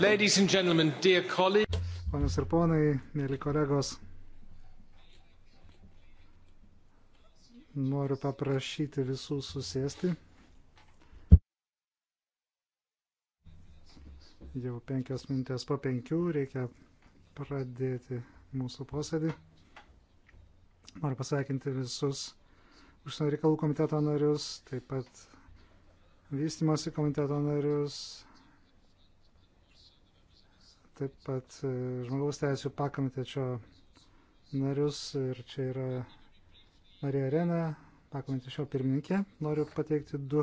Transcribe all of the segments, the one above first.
Ladies and gentlemen, dear colleagues. Panas ir ponai, mėly kolegos, noriu paprašyti visų susėsti. Jau penkias minutės po penkių reikia pradėti mūsų posėdį. Noriu pasveikinti visus užsienio reikalų komiteto narius, taip pat vystimosi komiteto narius, taip pat e, žmogaus teisų pakomitečio narius ir čia yra Marija Arena, pakomitečio pirmininkė. Noriu pateikti du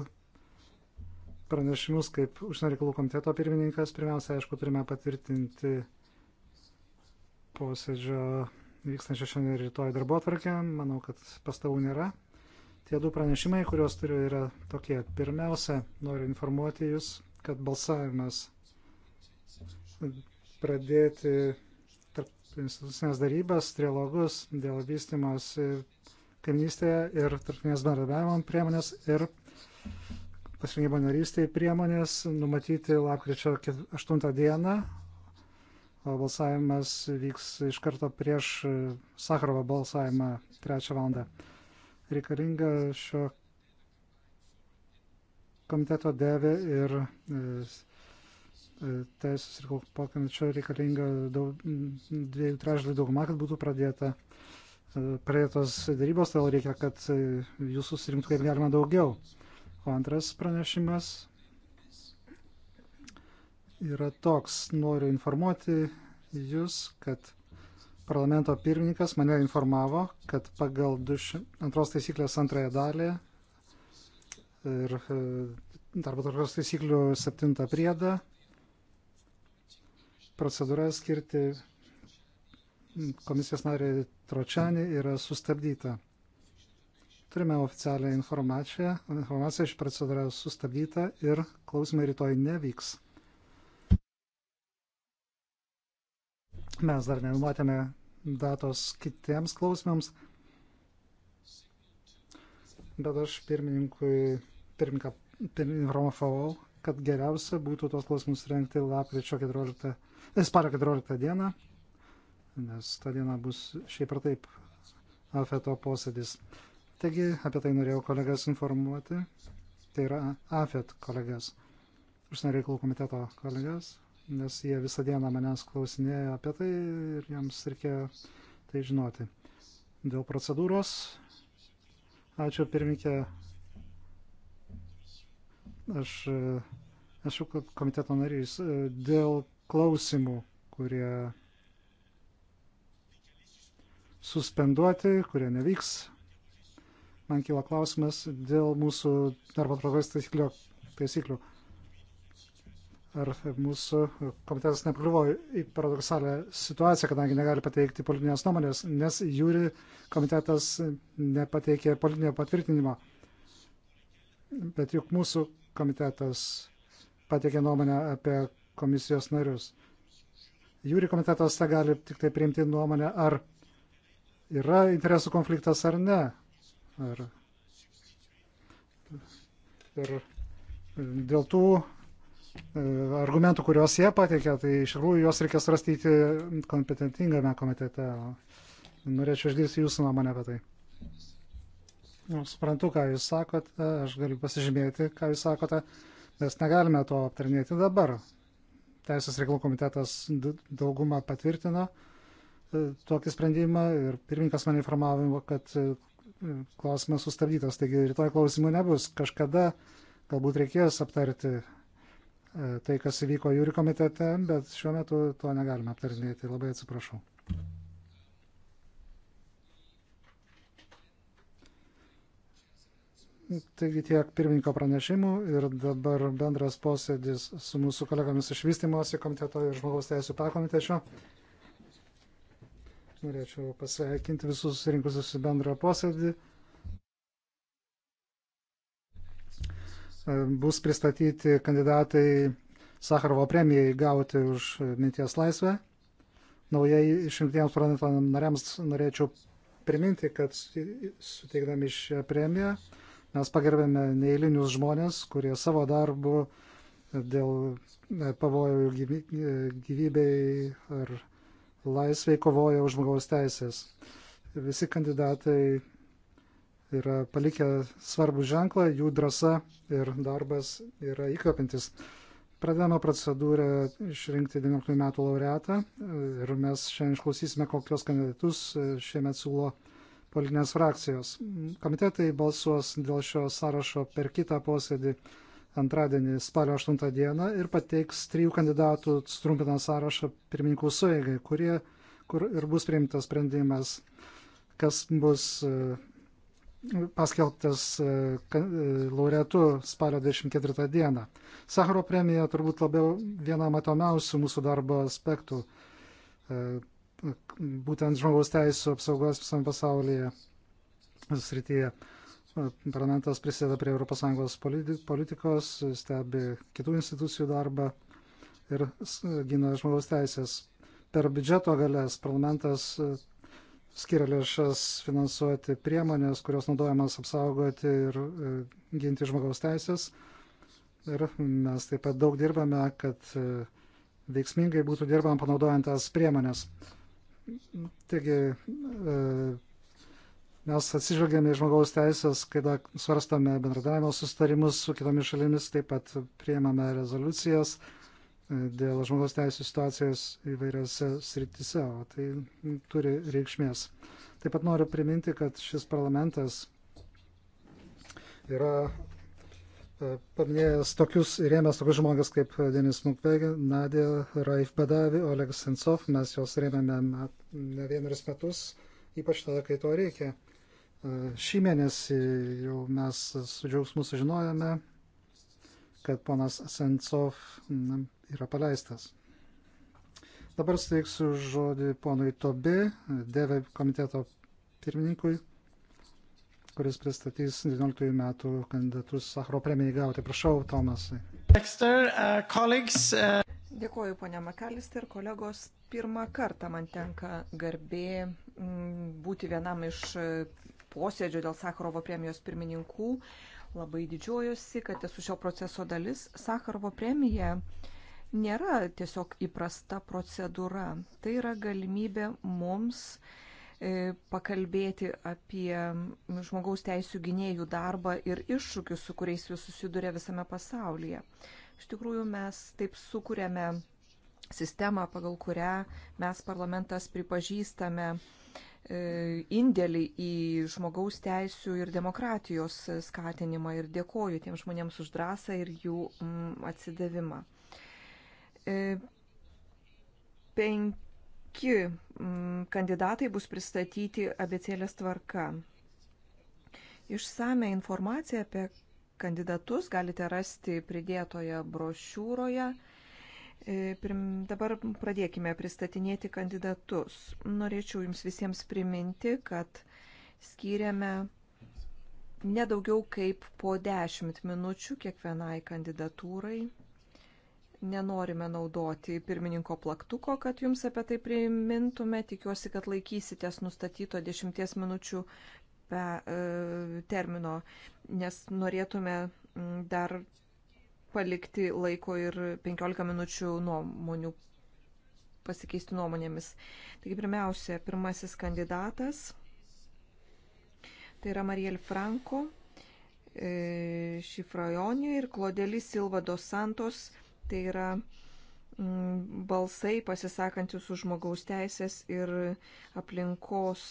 pranešimus kaip užsienio reikalų komiteto pirmininkas. Pirmiausia, aišku, turime patvirtinti posėdžio vykstančio šiandien ir rytoj darbo atvarkę. Manau, kad pastavų nėra. Tie du pranešimai, kuriuos turiu, yra tokie. Pirmiausia, noriu informuoti Jūs, kad balsavimas pradėti tarp institucinės darybas, trialogus dėl vystimas kaimynystėje ir tarptautinės bendradarbiavimo priemonės ir pasirinkimo narystėje priemonės numatyti lapkričio 8 dieną, o balsavimas vyks iš karto prieš Sakarovo balsavimą 3 val. Reikalinga šio komiteto devė ir e, teisės ir pokyčio reikalinga daug, dviejų trešdalių dauguma, kad būtų pradėta, e, pradėtos darybos, todėl reikia, kad e, jūs susirinktų kaip galima daugiau. O antras pranešimas yra toks, noriu informuoti jūs, kad parlamento pirmininkas mane informavo, kad pagal duši, antros taisyklės antrąją dalį ir e, darbo tvarkos taisyklių septintą priedą procedūra skirti komisijos narį Tročianį yra sustabdyta. Turime oficialią informaciją. Informacija iš procedūra sustabdyta ir klausimai rytoj nevyks. Mes dar nenumatėme datos kitiems klausimams, bet aš pirmininkui pirmininką informavau kad geriausia būtų tos klausimus rengti lapkričio 14, e, spalio 14 dieną, nes tą dieną bus šiaip ar taip AFETO posėdis. Taigi apie tai norėjau kolegas informuoti. Tai yra AFET kolegas, užsienio reikalų komiteto kolegas, nes jie visą dieną manęs klausinėjo apie tai ir jiems reikėjo tai žinoti. Dėl procedūros. Ačiū pirmininkė Aš e, esu komiteto narys e, dėl klausimų, kurie suspenduoti, kurie nevyks. Man kyla klausimas dėl mūsų darbo tvarkos taisyklių. Ar mūsų komitetas nepakliuvo į paradoksalią situaciją, kadangi negali pateikti politinės nuomonės, nes jūri komitetas nepateikė politinio patvirtinimo. Bet juk mūsų komitetas pateikė nuomonę apie komisijos narius. Jūri komitetas tą gali tik tai priimti nuomonę, ar yra interesų konfliktas ar ne. Ar... Ir dėl tų e, argumentų, kuriuos jie pateikė, tai iš tikrųjų juos reikia svarstyti kompetentingame komitete. Norėčiau išgirsti jūsų nuomonę apie tai. Nu, suprantu, ką jūs sakote, aš galiu pasižymėti, ką jūs sakote, nes negalime to aptarinėti dabar. Teisės reikalų komitetas daugumą patvirtino e, tokį sprendimą ir pirmininkas mane informavo, kad e, klausimas sustabdytas, taigi rytoj klausimų nebus. Kažkada galbūt reikės aptarti e, tai, kas įvyko jūri komitete, bet šiuo metu to negalime aptarinėti. Labai atsiprašau. Taigi tiek pirmininko pranešimų ir dabar bendras posėdis su mūsų kolegomis iš vystimosi komiteto ir žmogaus teisų pakomitečio. Norėčiau pasveikinti visus rinkusius į bendrą posėdį. Bus pristatyti kandidatai Sakarovo premijai gauti už minties laisvę. Naujai išrinktiems parlamento nariams norėčiau priminti, kad suteikdami šią premiją Mes pagerbėme neįlinius žmonės, kurie savo darbu dėl e, pavojų e, gyvybei ar laisvai kovoja už žmogaus teisės. Visi kandidatai yra palikę svarbų ženklą, jų drąsa ir darbas yra įkvepintis. Pradėjome procedūrą išrinkti 19 metų laureatą ir mes šiandien išklausysime, kokios kandidatus e, šiemet siūlo politinės frakcijos. Komitetai balsuos dėl šio sąrašo per kitą posėdį antradienį spalio 8 dieną ir pateiks trijų kandidatų sutrumpintą sąrašą pirmininkų suėgai, kurie, kur ir bus priimtas sprendimas, kas bus e, paskelbtas e, e, laureatu spalio 24 dieną. Sakaro premija turbūt labiau viena matomiausių mūsų darbo aspektų būtent žmogaus teisų apsaugos visam pasaulyje srityje. Parlamentas prisideda prie ES politikos, stebi kitų institucijų darbą ir gina žmogaus teisės. Per biudžeto galės parlamentas e, skiria lėšas finansuoti priemonės, kurios naudojamas apsaugoti ir e, ginti žmogaus teisės. Ir mes taip pat daug dirbame, kad e, veiksmingai būtų dirbama panaudojant tas priemonės. Taigi, e, mes atsižvelgiame į žmogaus teisės, kai svarstame bendradavimo sustarimus su kitomis šalimis, taip pat priemame rezoliucijas e, dėl žmogaus teisų situacijos įvairiose sritise, o tai turi reikšmės. Taip pat noriu priminti, kad šis parlamentas yra paminėjęs tokius ir rėmęs tokius žmonės kaip Denis Mukwege, Nadė Raif Badavi, Oleg Sensov, mes juos rėmėme ne vienerius metus, ypač tada, kai to reikia. E, šį mėnesį jau mes su džiaugsmu sužinojame, kad ponas Sensov yra paleistas. Dabar steiksiu žodį ponui Tobi, Deve komiteto pirmininkui kuris pristatys 19 metų kandidatus Sakro premijai gauti. Prašau, Tomasai. Dexter, uh, colleagues, uh... Dėkuoju, ponia Makalister, kolegos. Pirmą kartą man tenka garbė mm, būti vienam iš uh, posėdžio dėl Sakarovo premijos pirmininkų. Labai didžiuojuosi, kad esu šio proceso dalis. Sakarovo premija nėra tiesiog įprasta procedūra. Tai yra galimybė mums uh, E, pakalbėti apie mm, žmogaus teisų gynėjų darbą ir iššūkius, su kuriais jūs susiduria visame pasaulyje. Iš tikrųjų, mes taip sukūrėme sistemą, pagal kurią mes parlamentas pripažįstame e, indėlį į žmogaus teisų ir demokratijos skatinimą ir dėkoju tiem žmonėms už drąsą ir jų mm, atsidavimą. E, Penk penki mm, kandidatai bus pristatyti abecėlės tvarka. Išsame informaciją apie kandidatus galite rasti pridėtoje brošiūroje. E, dabar pradėkime pristatinėti kandidatus. Norėčiau jums visiems priminti, kad skiriame nedaugiau kaip po 10 minučių kiekvienai kandidatūrai nenorime naudoti pirmininko plaktuko, kad jums apie tai primintume. Tikiuosi, kad laikysitės nustatyto 10 minučių be, e, termino, nes norėtume dar palikti laiko ir 15 minučių nuomonių pasikeisti nuomonėmis. Taigi pirmiausia, pirmasis kandidatas tai yra Mariel Franco, e, Šifrajonė ir Klodelis Silvados Santos Tai yra mm, balsai pasisakantis už žmogaus teisės ir aplinkos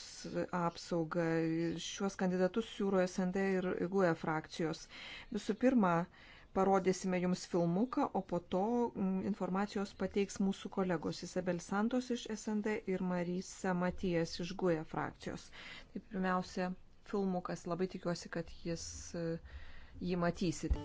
apsaugą. Šiuos kandidatus siūlo SND ir GUE frakcijos. Visų pirma, parodysime jums filmuką, o po to mm, informacijos pateiks mūsų kolegos Isabel Santos iš SND ir Marisa Matijas iš GUE frakcijos. Tai pirmiausia, filmukas. Labai tikiuosi, kad jis e, jį matysite.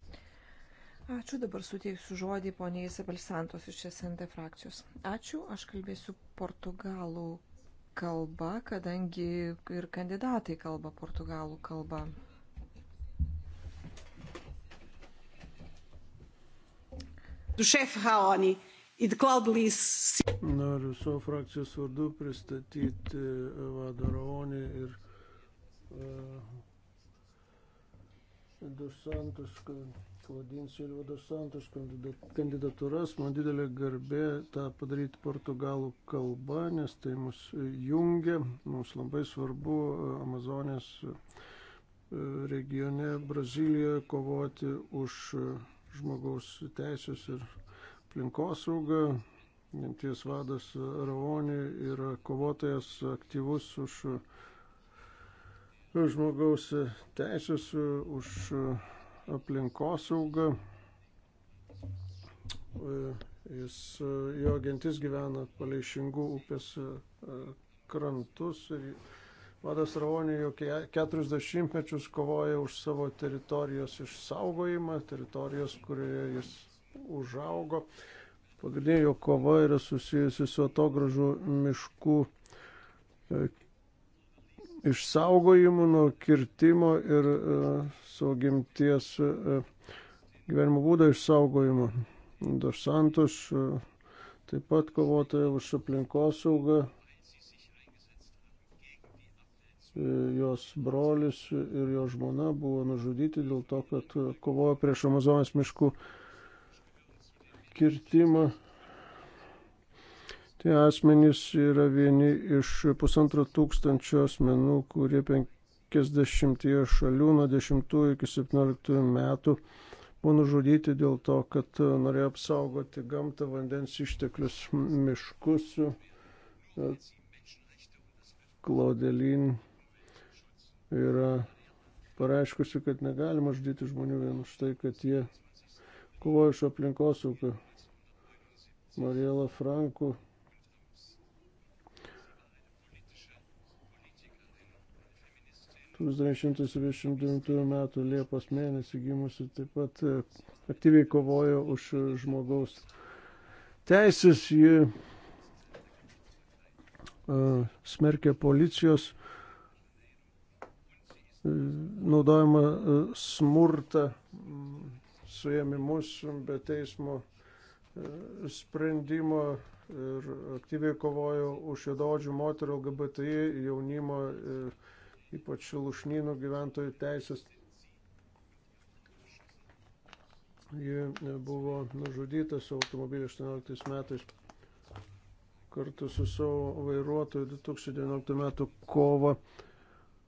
Ačiū, dabar suteiksiu žodį poniai Isabel Santos iš SND frakcijos. Ačiū, aš kalbėsiu portugalų kalba, kadangi ir kandidatai kalba portugalų kalba. do chefe Raoni e de Claudelice. Noriu savo frakcijos vardu pristatyti eh, vadą Raonį ir uh, Dos Santos, Klaudin Silva Dos Santos kandidatūras. Man didelė garbė tą padaryti portugalų kalba, nes tai mus jungia. Mums labai svarbu e, Amazonės e, regione Brazilijoje kovoti už e, žmogaus teisės ir aplinkosaugą. Genties vadas Raonė yra kovotojas aktyvus už žmogaus žmogaus teisės, e, už e, aplinkosaugą. E, jis, jo gentis gyvena palei Šingų upės krantus ir vadas Raonė jau 40 mečius kovoja už savo teritorijos išsaugojimą, teritorijos, kurioje jis užaugo. Pagrindinė jo kova yra susijusi su atogražu miškų išsaugojimu nuo kirtimo ir e, savo gimties e, gyvenimo būdo išsaugojimu. Dos Santos e, taip pat kovotoja už aplinkosaugą jos brolis ir jo žmona buvo nužudyti dėl to, kad kovojo prieš Amazonės miškų kirtimą. Tie asmenys yra vieni iš pusantro tūkstančio asmenų, kurie 50 šalių nuo 10 iki 17 metų buvo nužudyti dėl to, kad norėjo apsaugoti gamtą, vandens išteklius, miškus. Klaudelin yra pareiškusi, kad negalima žudyti žmonių vien už tai, kad jie kovoja iš aplinkosaugą. Mariela Franku 1929 metų Liepos mėnesį gimusi taip pat e, aktyviai kovojo už žmogaus teisės. Ji e, smerkė policijos e, naudojama smurtą, suėmimus be teismo sprendimo ir aktyviai kovojo už juododžių moterų, LGBTI jaunimo ir ypač lušnynų gyventojų teisės. Ji buvo nužudyta su automobiliu 18 metais kartu su savo vairuotoju 2019 metų kovo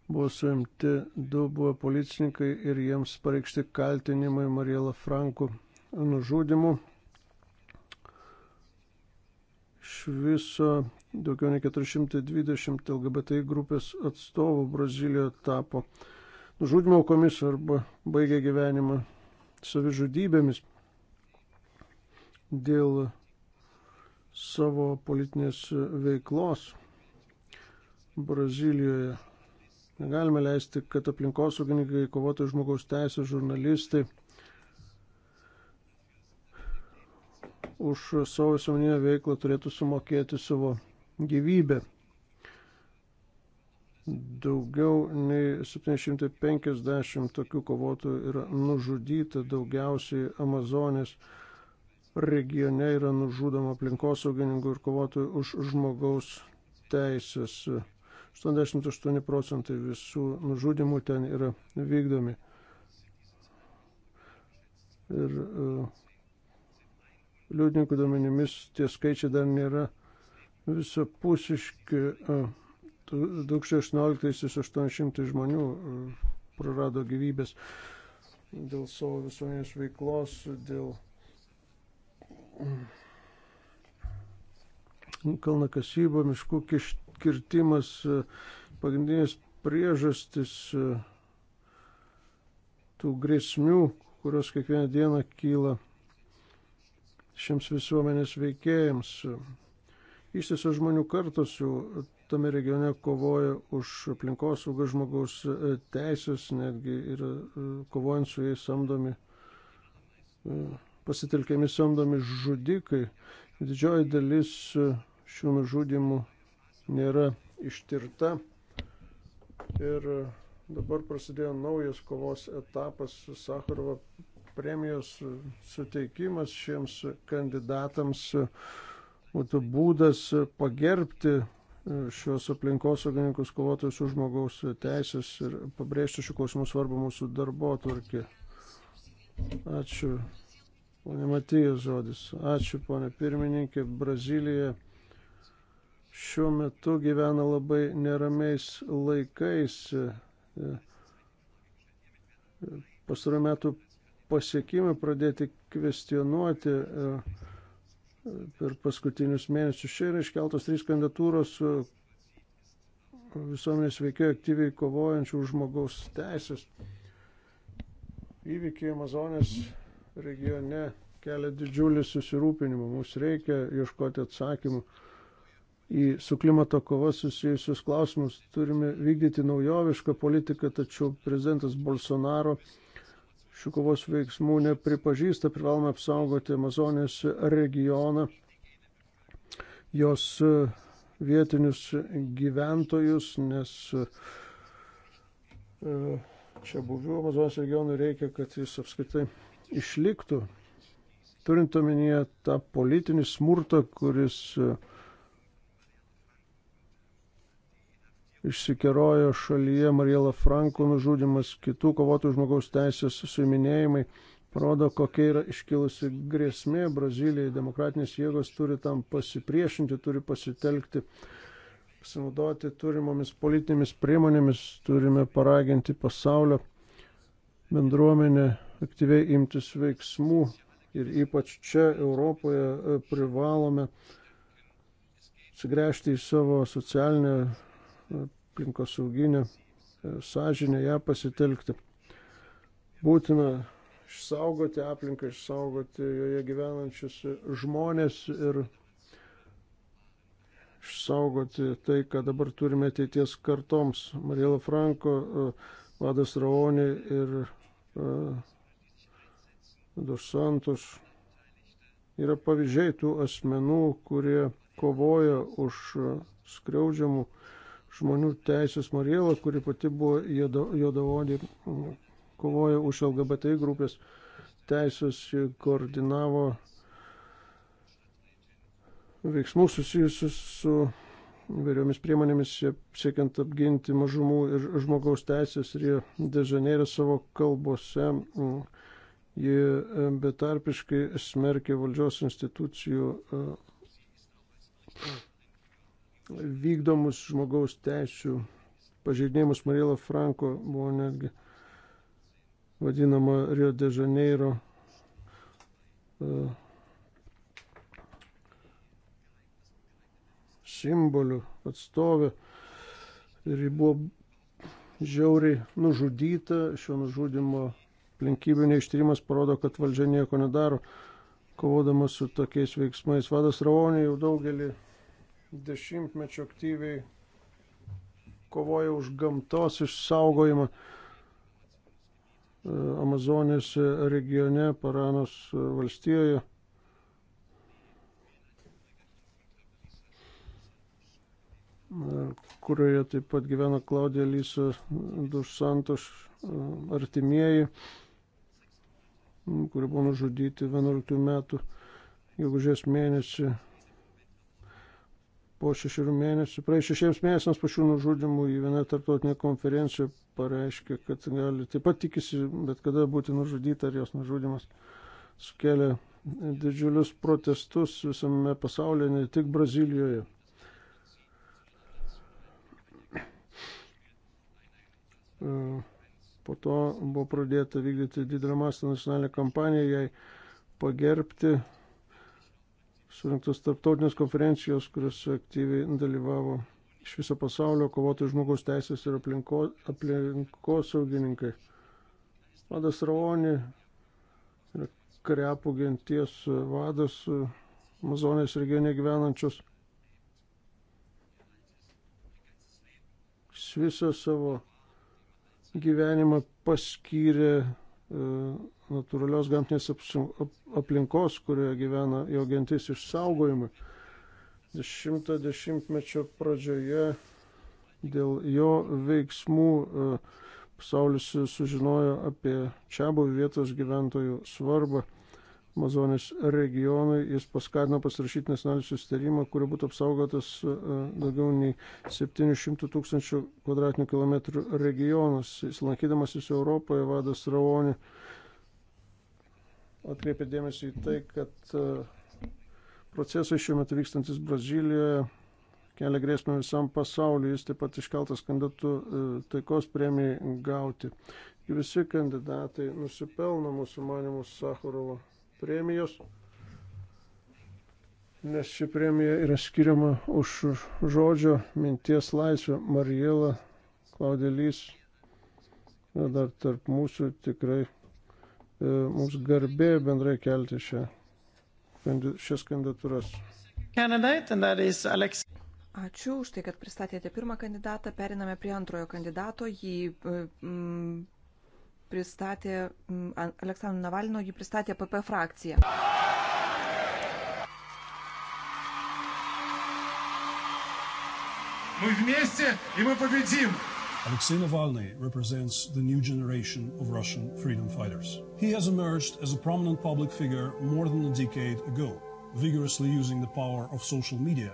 buvo suimti du buvę policininkai ir jiems pareikšti kaltinimai Mariela Franku nužudimu. Iš viso daugiau nei 420 LGBT grupės atstovų Brazilijoje tapo nužudimo aukomis arba baigė gyvenimą savižudybėmis dėl savo politinės veiklos Brazilijoje. Negalime leisti, kad aplinkosaugininkai, kovotojai žmogaus teisės, žurnalistai už savo visuomeninę veiklą turėtų sumokėti savo gyvybę. Daugiau nei 750 tokių kovotojų yra nužudyta, daugiausiai Amazonės regione yra nužudoma aplinkosaugininkų ir kovotojų už žmogaus teisės. 88 procentai visų nužudimų ten yra vykdomi. Ir e, liūdininkų duomenimis tie skaičiai dar nėra visapusiški. 2018 800 žmonių prarado gyvybės dėl savo visuomenės veiklos, dėl mm, kalnakasyba, miškų kirtimas, pagrindinės priežastis tų grėsmių, kurios kiekvieną dieną kyla šiems visuomenės veikėjams. Ištisos žmonių kartos jau tame regione kovoja už aplinkosaugą žmogaus e, teisės, netgi ir e, kovojant su jais samdomi, e, pasitelkiami samdomi žudikai. Didžioji dalis šių nužudimų nėra ištirta. Ir dabar prasidėjo naujas kovos etapas. Sakarovo premijos suteikimas šiems kandidatams būtų būdas pagerbti e, šios aplinkosaugininkus kovotojus už žmogaus teisės ir pabrėžti šių klausimų svarbą mūsų darbo atvarkė. Ačiū. Pone Matijas žodis. Ačiū, pone pirmininkė. Brazilija šiuo metu gyvena labai neramiais laikais. E, e, Pastarų metų pasiekimai pradėti kvestionuoti e, per paskutinius mėnesius. Šia yra iškeltos trys kandidatūros e, visuomenės veikėjų aktyviai kovojančių už žmogaus teisės. Įvykiai Amazonės regione kelia didžiulį susirūpinimą. Mums reikia ieškoti atsakymų į su klimato kova susijusius klausimus. Turime vykdyti naujovišką politiką, tačiau prezidentas Bolsonaro šių kovos veiksmų nepripažįsta, privalome apsaugoti Amazonės regioną, jos e, vietinius gyventojus, nes e, čia buvių Amazonės regionui reikia, kad jis apskritai išliktų. Turint omenyje tą politinį smurtą, kuris uh, išsikerojo šalyje Mariela Franko nužudimas, kitų kovotojų žmogaus teisės suiminėjimai rodo, kokia yra iškilusi grėsmė Brazilijai. Demokratinės jėgos turi tam pasipriešinti, turi pasitelkti, pasinaudoti turimomis politinėmis priemonėmis, turime paraginti pasaulio bendruomenę aktyviai imtis veiksmų ir ypač čia Europoje e, privalome atsigręžti į savo socialinę aplinkosauginę e, sąžinę ją pasitelkti. Būtina išsaugoti aplinką, išsaugoti joje gyvenančius žmonės ir išsaugoti tai, ką dabar turime ateities kartoms. Mariela Franko, e, Vadas Raonė ir e, Dos Santos yra pavyzdžiai tų asmenų, kurie kovoja už skriaudžiamų žmonių teisės Mariela, kuri pati buvo juodavodė, mm, kovojo už LGBT grupės teisės, koordinavo veiksmus susijusius su įvairiomis priemonėmis siekiant apginti mažumų ir žmogaus teisės ir jie dežanėrė savo kalbose. Mm, ji e, betarpiškai smerkė valdžios institucijų e, vykdomus žmogaus teisų pažeidinėjimus. Mariela Franko buvo netgi vadinama Rio de Janeiro e, simbolių atstovė ir ji buvo žiauriai nužudyta. Šio nužudimo aplinkybių neištyrimas parodo, kad valdžia nieko nedaro, kovodama su tokiais veiksmais. Vadas Raonė jau daugelį dešimtmečio aktyviai kovoja už gamtos išsaugojimą. E, Amazonės regione, Paranos valstijoje. E, kurioje taip pat gyvena Klaudija Lysa Dusantos e, artimieji, kurie buvo nužudyti 11 metų, jeigu žies mėnesį po šešių mėnesių, praėjus šešiems mėnesiams po šių nužudimų į vieną tarptautinę konferenciją pareiškė, kad gali taip pat tikisi, bet kada būti nužudyta ar jos nužudimas sukelia didžiulius protestus visame pasaulyje, ne tik Brazilijoje. E, po to buvo pradėta vykdyti didelę mastą nacionalinę kampaniją, jai pagerbti surinktos tarptautinės konferencijos, kuriuose aktyviai dalyvavo iš viso pasaulio kovotojų žmogaus teisės ir aplinko, aplinkosaugininkai. Vadas Raoni yra krepų genties vadas Amazonės regione gyvenančios. Jis visą savo gyvenimą paskyrė e, natūralios gamtinės aplinkos, kurioje gyvena jo gentis išsaugojimui. Dešimto dešimtmečio pradžioje dėl jo veiksmų e, pasaulis sužinojo apie čia buvę vietos gyventojų svarbą. Amazonės regionui, jis paskatino pasirašyti nacionalinį susitarimą, kuriuo būtų apsaugotas e, daugiau nei 700 tūkstančių kvadratinių kilometrų regionas. Jis lankydamasis Europoje, vadas Raonį atkreipė dėmesį į tai, kad e, procesai šiuo metu vykstantis Brazilijoje kelia grėsmę visam pasauliu. Jis taip pat iškeltas kandidatų e, taikos premijai gauti. Visi kandidatai nusipelno mūsų manimus Sakharovo premijos, nes ši premija yra skiriama už žodžio minties laisvę. Mariela Klaudelys dar tarp mūsų tikrai E, mums garbė bendrai kelti šią, šias kandidatūras. Ačiū už tai, kad pristatėte pirmą kandidatą. Periname prie antrojo kandidato. Jį mm, pristatė mm, Aleksandro Navalino, jį pristatė PP frakcija. Мы вместе, и мы победим! Alexei Navalny represents the new generation of Russian freedom fighters. He has emerged as a prominent public figure more than a decade ago, vigorously using the power of social media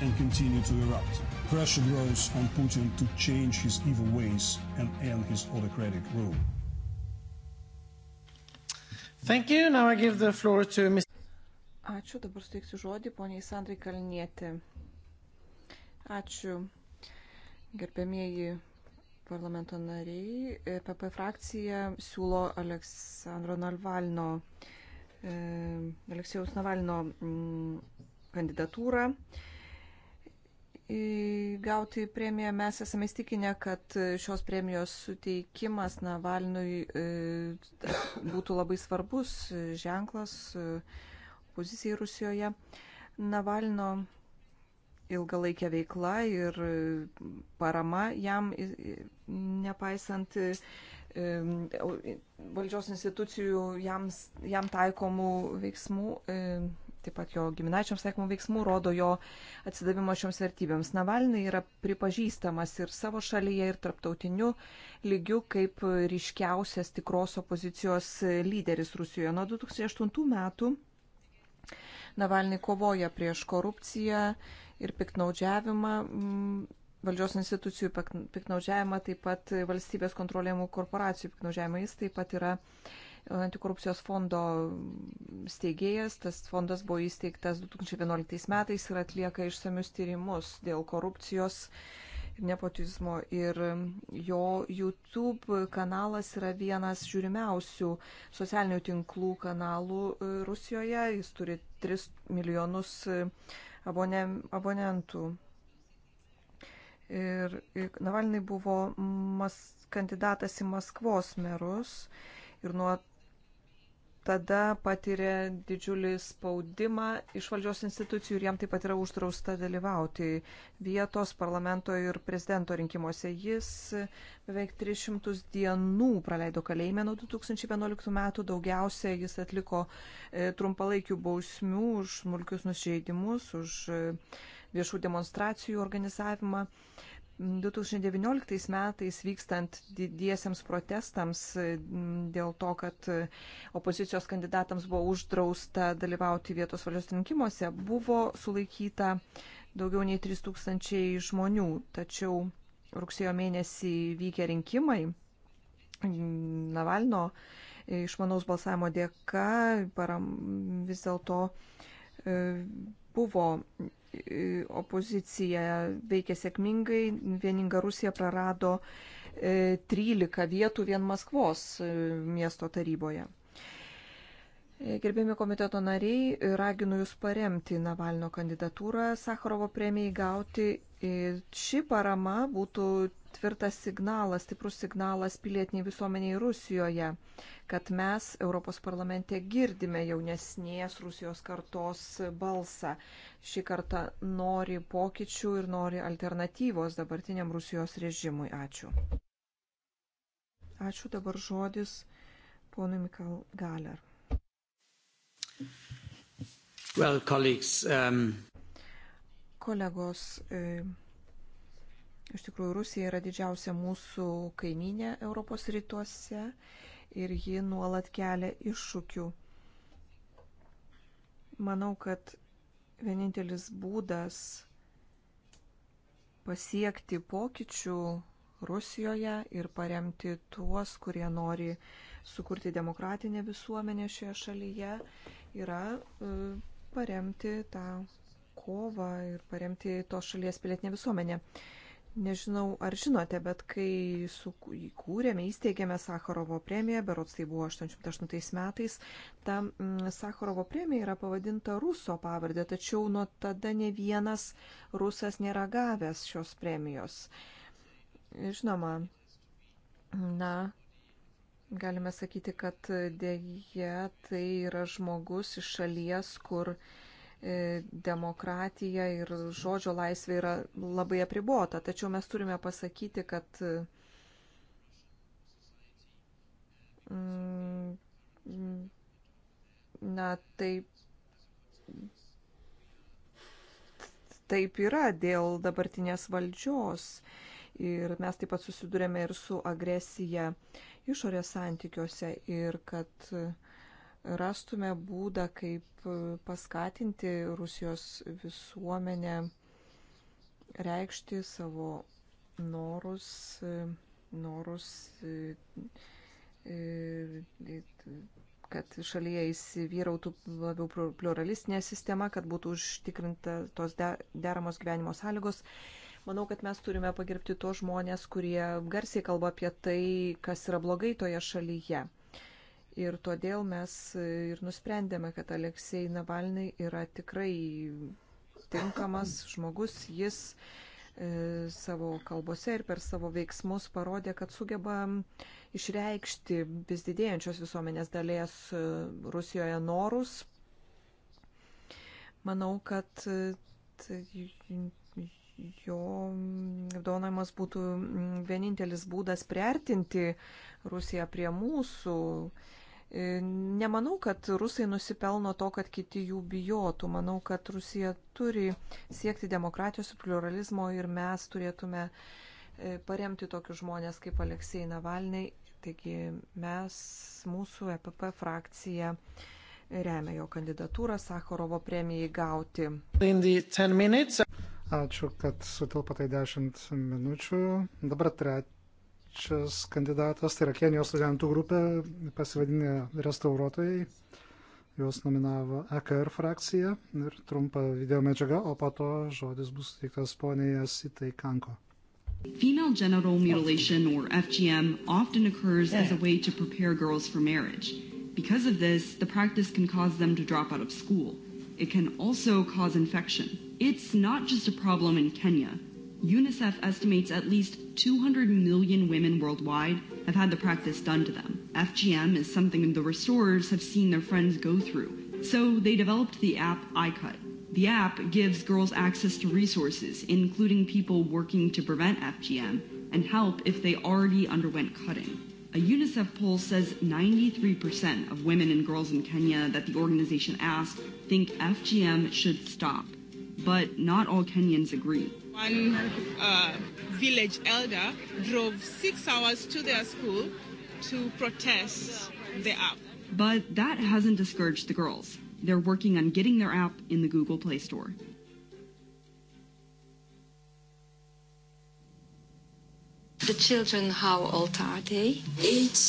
and continue to erupt. Pressure grows on Putin to change his evil ways and end his autocratic rule. Thank you. Now I give the floor to Ms. Ačiū, dabar suteiksiu žodį poniai Sandrai Kalnietė. Ačiū, gerbėmieji parlamento nariai. PP e frakcija siūlo Aleksandro Navalno, e, Aleksijaus Navalno mm, kandidatūrą. E, gauti premiją. Mes esame įstikinę, kad šios premijos suteikimas Navalnui e, būtų labai svarbus ženklas e, pozicijai Rusijoje. Navalno ilgalaikė veikla ir parama jam, nepaisant e, valdžios institucijų jam, jam taikomų veiksmų, taip pat jo giminaičiams taikomų veiksmų, rodo jo atsidavimo šioms vertybėms. Navalnai yra pripažįstamas ir savo šalyje, ir tarptautiniu lygiu kaip ryškiausias tikros opozicijos lyderis Rusijoje. Nuo 2008 metų Navalnai kovoja prieš korupciją ir piknaudžiavimą mm, valdžios institucijų piknaudžiavimą, taip pat valstybės kontroliamų korporacijų piknaudžiavimą. Jis taip pat yra antikorupcijos fondo steigėjas. Tas fondas buvo įsteigtas 2011 metais ir atlieka išsamius tyrimus dėl korupcijos ir nepotizmo. Ir jo YouTube kanalas yra vienas žiūrimiausių socialinių tinklų kanalų e, Rusijoje. Jis turi 3 milijonus e, abone, abonentų. Ir Navalnai buvo mas, kandidatas į Maskvos merus ir nuo tada patiria didžiulį spaudimą iš valdžios institucijų ir jam taip pat yra uždrausta dalyvauti vietos parlamento ir prezidento rinkimuose. Jis beveik 300 dienų praleido kalėjime nuo 2011 metų, daugiausia jis atliko e, trumpalaikių bausmių už smulkius nusižeidimus, už e, viešų demonstracijų organizavimą. 2019 metais vykstant didiesiams protestams dėl to, kad opozicijos kandidatams buvo uždrausta dalyvauti vietos valios rinkimuose, buvo sulaikyta daugiau nei 3000 žmonių. Tačiau rugsėjo mėnesį vykę rinkimai Navalno išmanaus balsavimo dėka param, vis dėlto e, buvo opozicija veikia sėkmingai, vieninga Rusija prarado 13 e, vietų vien Maskvos e, miesto taryboje. Gerbėmi komiteto nariai, raginu Jūs paremti Navalno kandidatūrą Sakarovo premijai gauti. E, ši parama būtų tvirtas signalas, stiprus signalas pilietiniai visuomeniai Rusijoje, kad mes Europos parlamente girdime jaunesnės Rusijos kartos balsą. Šį kartą nori pokyčių ir nori alternatyvos dabartiniam Rusijos režimui. Ačiū. Ačiū dabar žodis ponui Mikal Galer. Well, colleagues, um... Kolegos, e, iš tikrųjų Rusija yra didžiausia mūsų kaiminė Europos rytuose ir ji nuolat kelia iššūkių. Manau, kad vienintelis būdas pasiekti pokyčių Rusijoje ir paremti tuos, kurie nori sukurti demokratinę visuomenę šioje šalyje, yra e, paremti tą kovą ir paremti tos šalies pilietinę visuomenę. Nežinau, ar žinote, bet kai įkūrėme, įsteigėme Sakarovo premiją, berots tai buvo 88 metais, ta mm, Sakarovo premija yra pavadinta Ruso pavardė, tačiau nuo tada ne vienas Rusas nėra gavęs šios premijos. Žinoma, na, Galime sakyti, kad dėje tai yra žmogus iš šalies, kur e, demokratija ir žodžio laisvė yra labai apribota. Tačiau mes turime pasakyti, kad mm, na taip, taip yra dėl dabartinės valdžios. Ir mes taip pat susidurėme ir su agresija. E, išorės santykiuose ir kad rastume būdą, kaip paskatinti Rusijos visuomenę reikšti savo norus, norus kad šalyje įsivyrautų labiau pluralistinė sistema, kad būtų užtikrinta tos deramos gyvenimo sąlygos Manau, kad mes turime pagirbti tos žmonės, kurie garsiai kalba apie tai, kas yra blogai toje šalyje. Ir todėl mes ir nusprendėme, kad Aleksei Navalnai yra tikrai tinkamas žmogus. Jis e, savo kalbose ir per savo veiksmus parodė, kad sugeba išreikšti vis didėjančios visuomenės dalies e, Rusijoje norus. Manau, kad e, tai jo donavimas būtų vienintelis būdas priartinti Rusiją prie mūsų. E, nemanau, kad rusai nusipelno to, kad kiti jų bijotų. Manau, kad Rusija turi siekti demokratijos ir pluralizmo ir mes turėtume e, paremti tokius žmonės kaip Aleksei Navalnai. Taigi mes, mūsų EPP frakcija, remia jo kandidatūrą Sakorovo premijai gauti. Ačiū, kad sutilpatai 10 minučių. Dabar trečias kandidatas, tai yra Kenijos studentų grupė, pasivadinė restauruotojai. Juos nominavo EKR frakcija ir trumpa video medžiaga, o po to žodis bus suteiktas poniai Asitai Kanko. Female genital mutilation, or FGM, often occurs as a way to prepare girls for marriage. Because of this, the practice can cause them to drop out of school. It can also cause infection. It's not just a problem in Kenya. UNICEF estimates at least 200 million women worldwide have had the practice done to them. FGM is something the restorers have seen their friends go through, so they developed the app iCut. The app gives girls access to resources, including people working to prevent FGM, and help if they already underwent cutting. A UNICEF poll says 93% of women and girls in Kenya that the organization asked think FGM should stop. But not all Kenyans agree. One uh, village elder drove six hours to their school to protest the app. But that hasn't discouraged the girls. They're working on getting their app in the Google Play Store. The children, how old are they? Eight.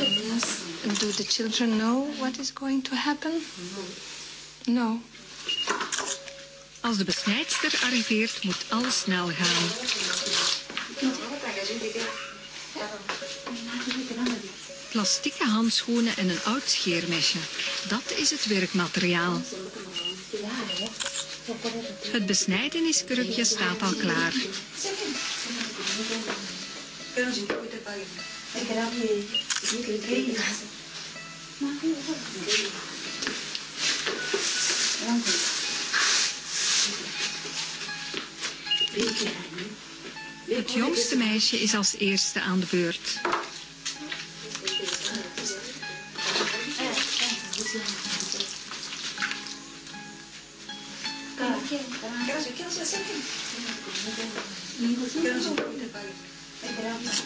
Yes. Do the children know what is going to happen? No. Als de besnijdster arriveert, moet alles snel gaan. Plastieke handschoenen en een oud scheermesje. Dat is het werkmateriaal. Het besnijdeniskrukje staat al klaar. 때는 진짜 어디 가겠네. 이렇게 나비 이렇게 이렇게 가서. Het jongste meisje is als eerste aan de beurt. Gracias. 나랑 나빠.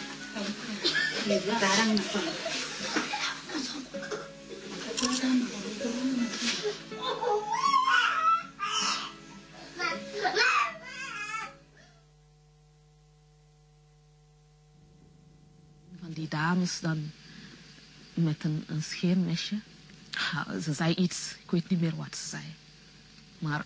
Van die dames dan met een, een scheermesje. Ze zei iets, ik weet niet meer wat ze zei. Maar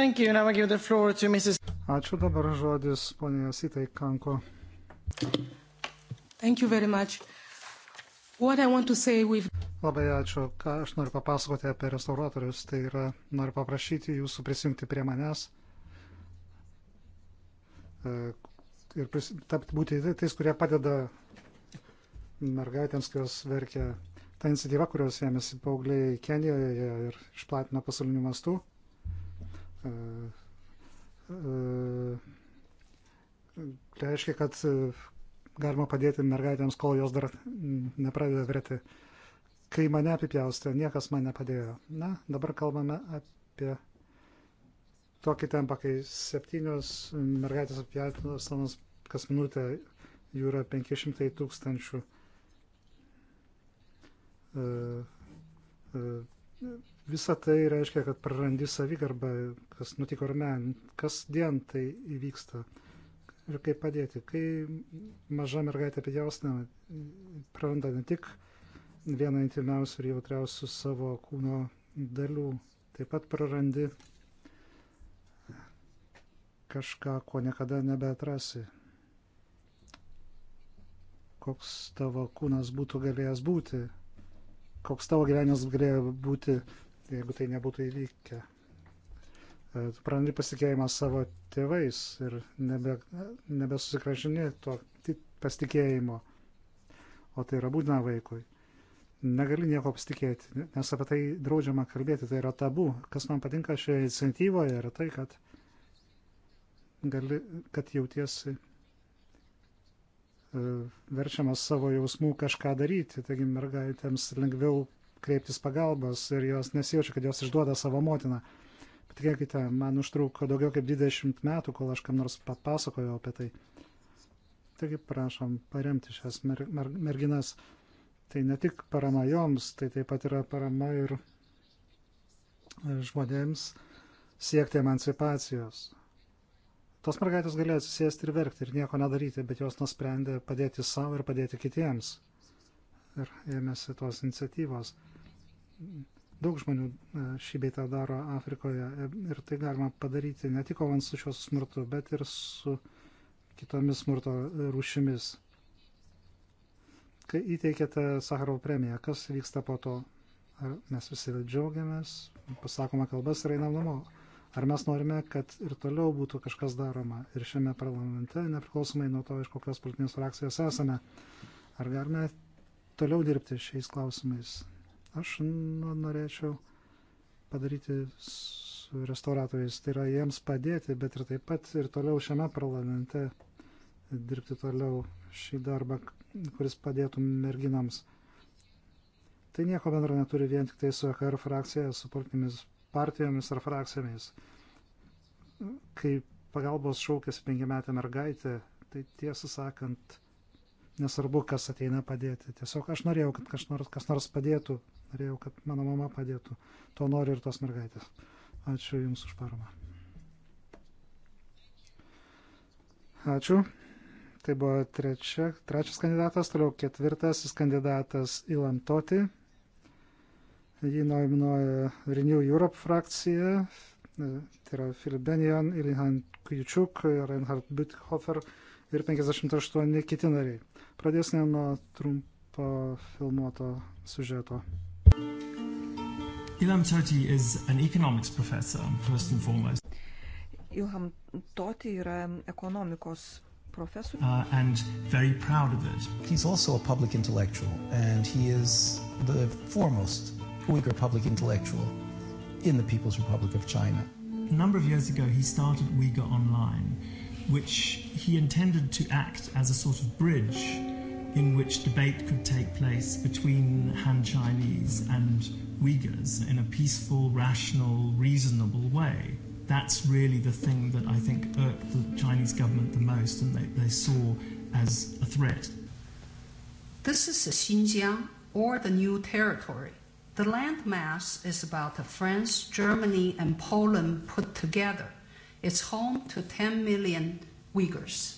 Thank you. Now I give the floor to Mrs. Ačiū dabar žodis ponė Sitai Kanko. Thank you very much. What I want to say with... Labai ačiū. Ką aš noriu papasakoti apie restauratorius, tai yra noriu paprašyti jūsų prisijungti prie manęs e, ir pris, tapti būti tai, tais, kurie padeda mergaitėms, kurios verkia. Ta iniciatyva, kurios ėmėsi paaugliai Kenijoje ir išplatino pasauliniu mastu, E, e, reiškia, kad e, galima padėti mergaitėms, kol jos dar nepradeda vrėti. Kai mane apipjaustė, niekas man nepadėjo. Na, dabar kalbame apie tokį tempą, kai septynios mergaitės apipjaustamos kas minutę, jų yra 500 tūkstančių. Uh, uh, Visa tai reiškia, kad prarandi savigarbą, kas nutiko ar ne, kas dien tai įvyksta. Ir kaip padėti, kai maža mergaitė pėdjausna praranda ne tik vieną intimiausių ir jautriausių savo kūno dalių, taip pat prarandi kažką, ko niekada nebeatrasi. Koks tavo kūnas būtų galėjęs būti, koks tavo gyvenimas galėjo būti jeigu tai nebūtų įvykę. E, tu prarandi pasitikėjimą savo tėvais ir nebe, nebesusikražini to pasitikėjimo, o tai yra būdina vaikui. Negali nieko pasitikėti, nes apie tai draudžiama kalbėti, tai yra tabu. Kas man patinka šioje iniciatyvoje yra tai, kad, gali, kad jautiesi e, verčiamas savo jausmų kažką daryti, taigi mergaitėms lengviau kreiptis pagalbos ir jos nesijaučia, kad jos išduoda savo motiną. Patikėkite, man užtruko daugiau kaip 20 metų, kol aš kam nors papasakojau apie tai. Taigi prašom paremti šias mer mer merginas. Tai ne tik parama joms, tai taip pat yra parama ir e, žmonėms siekti emancipacijos. Tos mergaitės galėjo atsisėsti ir verkti ir nieko nedaryti, bet jos nusprendė padėti savo ir padėti kitiems. Ir ėmėsi tos iniciatyvos. Daug žmonių e, šį beitą daro Afrikoje ir tai galima padaryti ne tik kovant su šios smurtu, bet ir su kitomis smurto rūšimis. Kai įteikėte Sakarovo premiją, kas vyksta po to? Ar mes visi džiaugiamės, pasakoma kalbas ir einam namo? Ar mes norime, kad ir toliau būtų kažkas daroma ir šiame parlamente, nepriklausomai nuo to, iš kokios politinės frakcijos esame? Ar galime toliau dirbti šiais klausimais? Aš nu, norėčiau padaryti su restauratoriais, tai yra jiems padėti, bet ir taip pat ir toliau šiame parlamente dirbti toliau šį darbą, kuris padėtų merginams. Tai nieko bendro neturi vien tik tai su EKR frakcija, su politinėmis partijomis ar frakcijomis. Kai pagalbos šaukėsi penkiametė mergaitė, tai tiesą sakant, nesvarbu, kas ateina padėti. Tiesiog aš norėjau, kad kas nors, kas nors padėtų norėjau, kad mano mama padėtų. To nori ir tos mergaitės. Ačiū Jums už paramą. Ačiū. Tai buvo trečia, trečias kandidatas, toliau ketvirtasis kandidatas Ilan Toti. Jį nominuoja Renew Europe frakcija, tai yra Filip Benjon, Ilhan Kujučiuk, Reinhard Büthofer ir 58 kiti nariai. Pradėsime nuo trumpo filmuoto siužeto. Ilham Toti is an economics professor, first and foremost. Ilham Toti yra ekonomikos profesorius. Uh, and very proud of it. He's also a public intellectual, and he is the foremost Uyghur public intellectual in the People's Republic of China. A number of years ago, he started Uyghur Online, which he intended to act as a sort of bridge in which debate could take place between Han Chinese and Uyghurs in a peaceful, rational, reasonable way. That's really the thing that I think irked the Chinese government the most and they, they saw as a threat. This is Xinjiang or the new territory. The landmass is about France, Germany, and Poland put together. It's home to 10 million Uyghurs.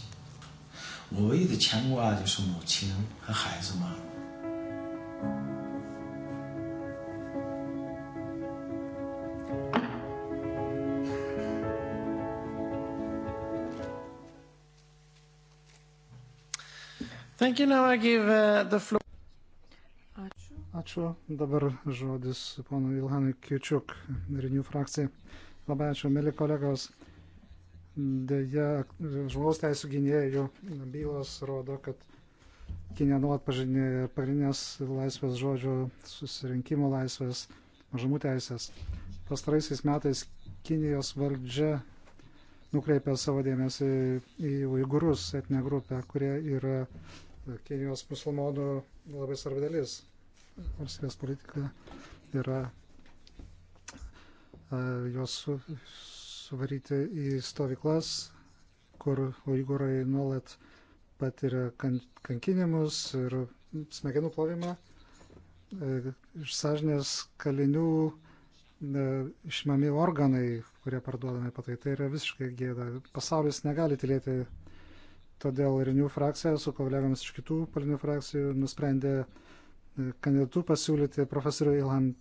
我唯一的牵挂就是母亲和孩子们。Thank you. Now I give uh, the floor. Ačiū. Ačiū. Dabar žodis pono Ilhanui Kiečiuk, Rinių frakcija. Labai ačiū, mėly kolegos. Deja, žmogaus teisų gynėjų bylos rodo, kad Kinė nuolat pažinėja pagrindinės laisvės žodžio susirinkimo laisvės, mažumų teisės. Pastaraisiais metais Kinijos valdžia nukreipia savo dėmesį į uigurus etinę grupę, kurie yra Kinijos musulmonų labai svarbi dalis. Valstybės politika yra jos suvaryti į stovyklas, kur uigūrai nuolat patiria kankinimus ir smegenų plovimą. E, iš sąžinės kalinių e, išmami organai, kurie parduodami patai. Tai yra visiškai gėda. Pasaulis negali tylėti. Todėl Renių frakcija su kolegomis iš kitų politinių frakcijų nusprendė e, kandidatu pasiūlyti profesorių Ilham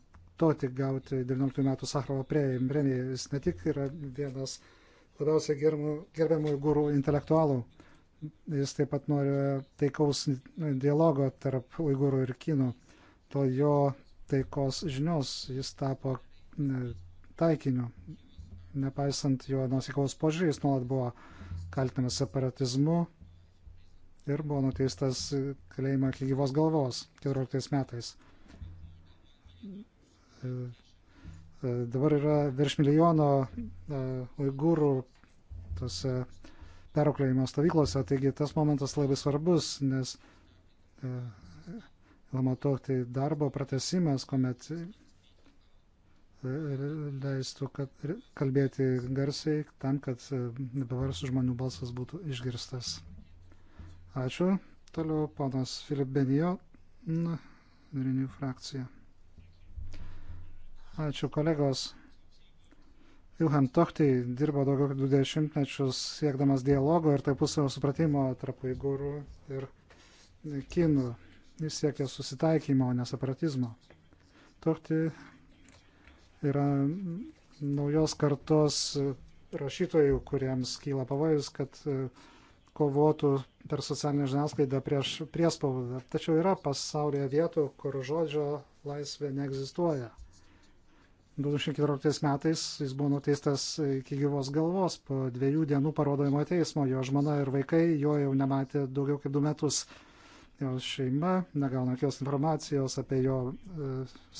to tik gauti 19 metų Sakrovo premiją. Jis ne tik yra vienas labiausiai gerbiamų gurų intelektualų, jis taip pat nori taikaus dialogo tarp uigūrų ir kinų. To jo taikos žinios jis tapo taikiniu. Nepaisant jo nusikaus požiūrį, jis nuolat buvo kaltinamas separatizmu ir buvo nuteistas kalėjimą iki gyvos galvos 14 metais. E, e, dabar yra virš milijono e, uigūrų tose perauklėjimo stovyklose, taigi tas momentas labai svarbus, nes Lamato tai darbo pratesimas, kuomet leistų kad, kalbėti garsiai tam, kad bevarsų žmonių balsas būtų išgirstas. Ačiū. Toliau ponas Filip Benijo, Nirinių frakcija. Ačiū kolegos. Ilham Tohtai dirbo daugiau kaip 20 mečius siekdamas dialogo ir tarpusavio supratimo tarp uigūrų ir kinų. Jis siekia susitaikymo, o ne separatizmo. Tohtai yra naujos kartos rašytojų, kuriems kyla pavojus, kad e, kovotų per socialinę žiniasklaidą prieš priespaudą. Tačiau yra pasaulyje vietų, kur žodžio laisvė neegzistuoja. 2014 metais jis buvo nuteistas iki gyvos galvos. Po dviejų dienų parodojimo teismo jo žmona ir vaikai jo jau nematė daugiau kaip du metus. Jo šeima negauna jokios informacijos apie jo e,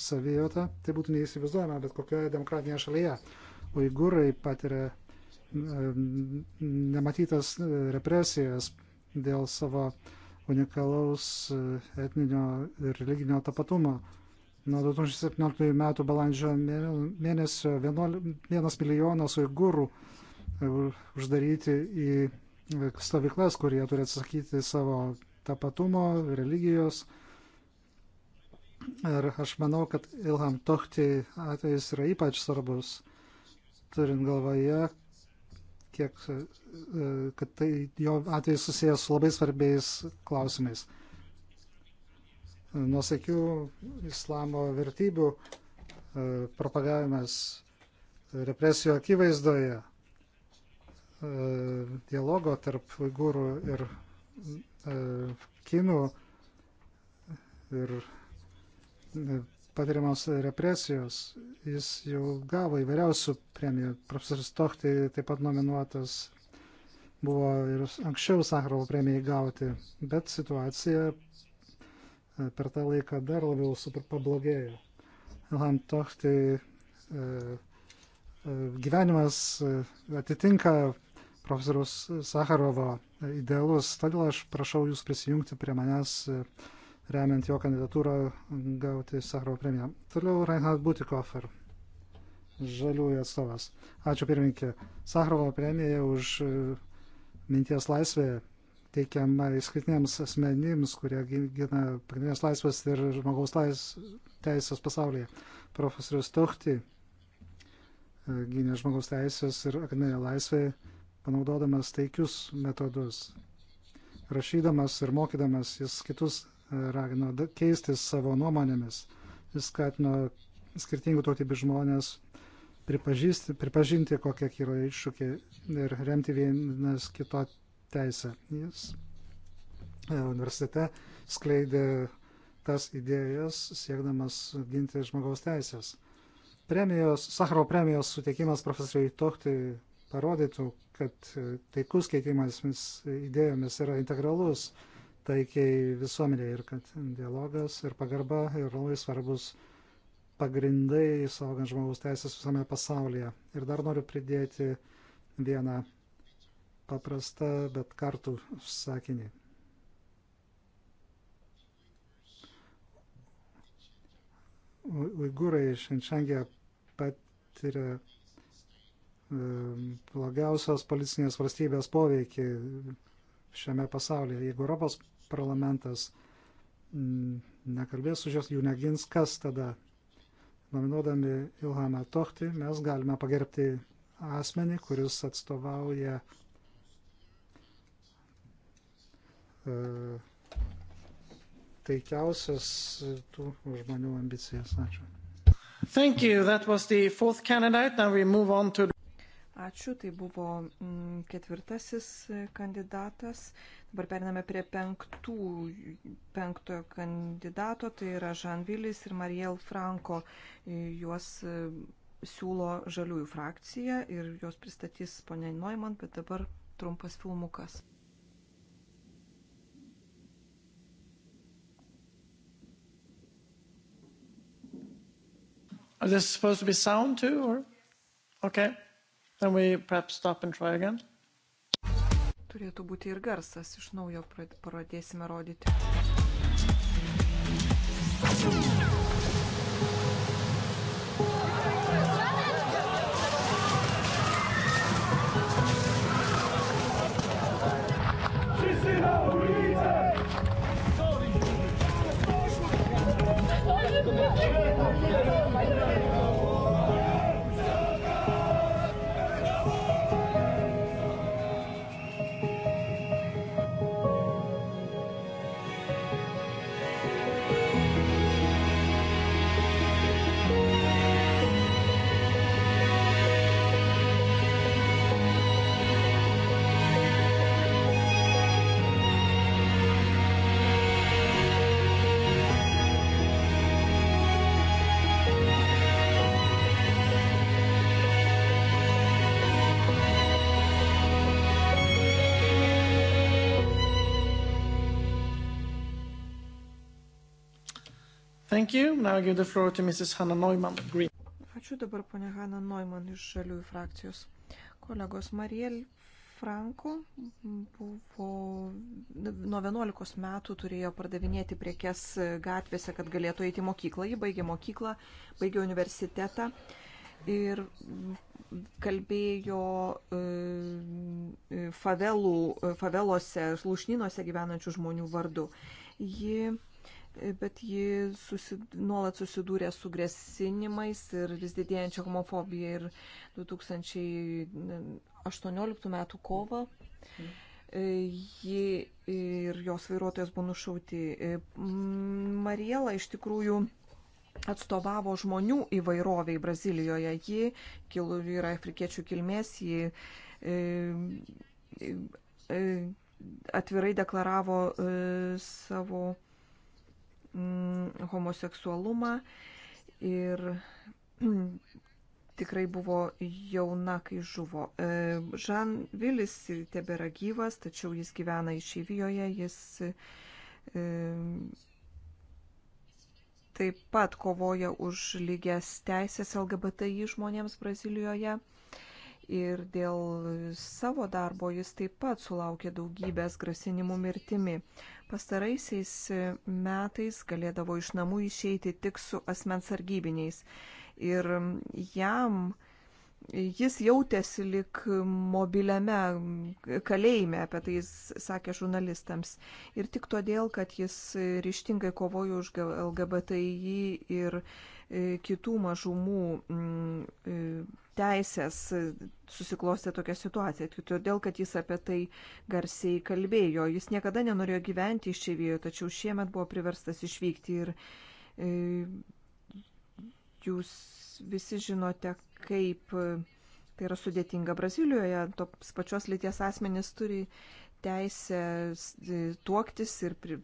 savijautą. Tai būtų neįsivaizduojama, bet kokioje demokratinėje šalyje. Uigūrai patiria e, nematytas e, represijas dėl savo unikalaus e, etninio ir religinio tapatumo Nuo 2017 metų balandžio mėnesio 1 milijonas uigūrų e, uždaryti į e, stovyklas, kur jie turi atsakyti savo tapatumo, religijos. Ir aš manau, kad Ilham Tohti atvejis yra ypač svarbus, turint galvoje, kiek, e, kad tai jo atvejis susijęs su labai svarbiais klausimais nusakių islamo vertybių e, propagavimas represijų akivaizdoje, e, dialogo tarp uigūrų ir e, kinų ir patiriamos represijos. Jis jau gavo įvairiausių premijų. Profesorius Tohti taip pat nominuotas buvo ir anksčiau Sakarovo premijai gauti, bet situacija E, per tą laiką dar labiau pablogėjo. Ilham Tohti e, e, gyvenimas atitinka profesoriaus Sakarovo idealus, todėl aš prašau jūs prisijungti prie manęs, remiant jo kandidatūrą gauti Sakarovo premiją. Toliau Reinhard Butikofer, žaliųjų atstovas. Ačiū pirmininkė. Sakarovo premija už minties laisvę teikiama išskirtiniams asmenims, kurie gina pagrindinės laisvės ir žmogaus lais, teisės pasaulyje. Profesorius Tohti e, gynė žmogaus teisės ir akademinę laisvę, panaudodamas taikius metodus. Rašydamas ir mokydamas jis kitus e, ragino keistis savo nuomonėmis. Jis skatino skirtingų tautybių žmonės pripažinti, kokie yra iššūkiai ir remti vienas kito teisę. Jis e, universitete skleidė tas idėjas, siekdamas ginti žmogaus teisės. Premijos, Sakaro premijos suteikimas profesoriui Tohtui parodytų, kad e, taikus keitimas idėjomis yra integralus taikiai visuomeniai ir kad dialogas ir pagarba yra labai svarbus pagrindai saugant žmogaus teisės visame pasaulyje. Ir dar noriu pridėti vieną paprastą, bet kartų sakinį. Uigūrai Šinčangė patiria ehm, blogiausios policinės valstybės poveikį šiame pasaulyje. Jeigu Europos parlamentas mm, nekalbės už jos, jų negins, kas tada? Nominuodami Ilhamą Tohti mes galime pagerbti asmenį, kuris atstovauja E, taikiausias tų žmonių ambicijas. Ačiū. Thank you. That was the fourth candidate. Now we move on to. Ačiū, tai buvo mm, ketvirtasis kandidatas. Dabar periname prie penktų, penktojo kandidato, tai yra Žanvilis ir Mariel Franko. Juos e, siūlo žaliųjų frakcija ir juos pristatys ponia Neumann, bet dabar trumpas filmukas. Is this supposed to be sound too, or? Okay. Then we perhaps stop and try again. Turėtų būti ir garsas, iš naujo pradėsime rodyti. Thank you. Thank you. Now I give the floor to Mrs. Hanna Neumann, Green. Ačiū dabar ponia Hanna Neumann iš Žaliųjų frakcijos. Kolegos Mariel frankų buvo nuo 11 metų turėjo pardavinėti priekes gatvėse, kad galėtų eiti į mokyklą. Ji baigė mokyklą, baigė universitetą ir kalbėjo e, e, favelų, e, favelose, lūšnynuose gyvenančių žmonių vardu. Ji bet ji susid, nuolat susidūrė su grėsinimais ir vis didėjančia homofobija. Ir 2018 m. kovo ji ir jos vairuotojas buvo nušauti. E, Mariela iš tikrųjų atstovavo žmonių įvairoviai Brazilijoje. Ji kilu, yra afrikiečių kilmės, ji e, e, e atvirai deklaravo e, savo mm, homoseksualumą ir mm, tikrai buvo jauna, kai žuvo. E, Žan Vilis tebėra gyvas, tačiau jis gyvena išeivijoje, jis e, taip pat kovoja už lygias teisės LGBTI žmonėms Brazilijoje ir dėl savo darbo jis taip pat sulaukė daugybės grasinimų mirtimi. Pastaraisiais metais galėdavo iš namų išeiti tik su asmens sargybiniais. Ir jam jis jautėsi lik mobiliame kalėjime, apie tai jis sakė žurnalistams. Ir tik todėl, kad jis ryštingai kovojo už LGBTI ir e, kitų mažumų e, teisės susiklostė tokia situacija, todėl, kad jis apie tai garsiai kalbėjo. Jis niekada nenorėjo gyventi išeivijoje, tačiau šiemet buvo priverstas išvykti ir e, jūs visi žinote, kaip e, tai yra sudėtinga Brazilijoje, tos pačios lyties asmenys turi teisę e, tuoktis ir pri,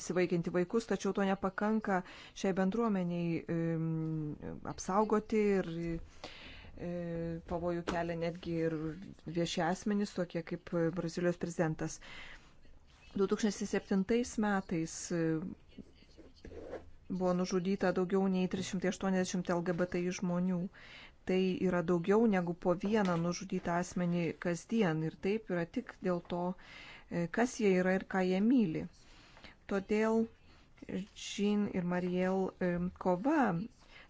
įsivaikinti vaikus, tačiau to nepakanka šiai bendruomeniai e, apsaugoti ir e, E, pavojų kelia netgi ir vieši asmenys, tokie kaip Brazilijos prezidentas. 2007 metais e, buvo nužudyta daugiau nei 380 LGBTI žmonių. Tai yra daugiau negu po vieną nužudytą asmenį kasdien ir taip yra tik dėl to, e, kas jie yra ir ką jie myli. Todėl Žin ir Mariel kova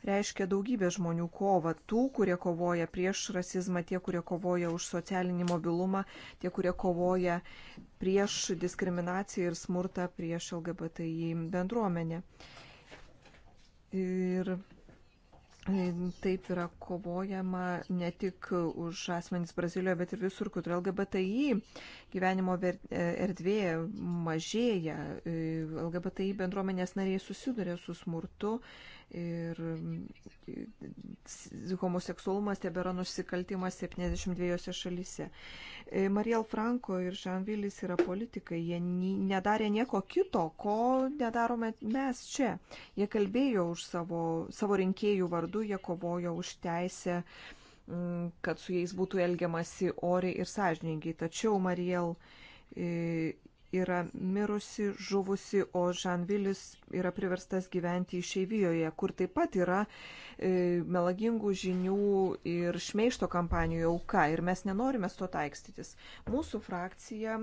reiškia daugybė žmonių kovą. Tų, kurie kovoja prieš rasizmą, tie, kurie kovoja už socialinį mobilumą, tie, kurie kovoja prieš diskriminaciją ir smurtą prieš LGBTI bendruomenę. Ir e, Taip yra kovojama ne tik už asmenys Brazilijoje, bet ir visur, kur LGBTI gyvenimo e, erdvė mažėja, e, LGBTI bendruomenės nariai susiduria su smurtu ir e, homoseksualumas tebėra nusikaltimas 72 šalyse. Mariel Franco ir Žanvilis yra politikai, jie nedarė nieko kito, ko nedarome mes čia. Jie kalbėjo už savo, savo rinkėjų vardu, jie kovojo už teisę Mm, kad su jais būtų elgiamasi oriai ir sąžiningai. Tačiau Mariel e, yra mirusi, žuvusi, o Žanvilis yra priverstas gyventi išeivijoje, kur taip pat yra e, melagingų žinių ir šmeišto kampanijų auka ir mes nenorime su to taikstytis. Mūsų frakcija,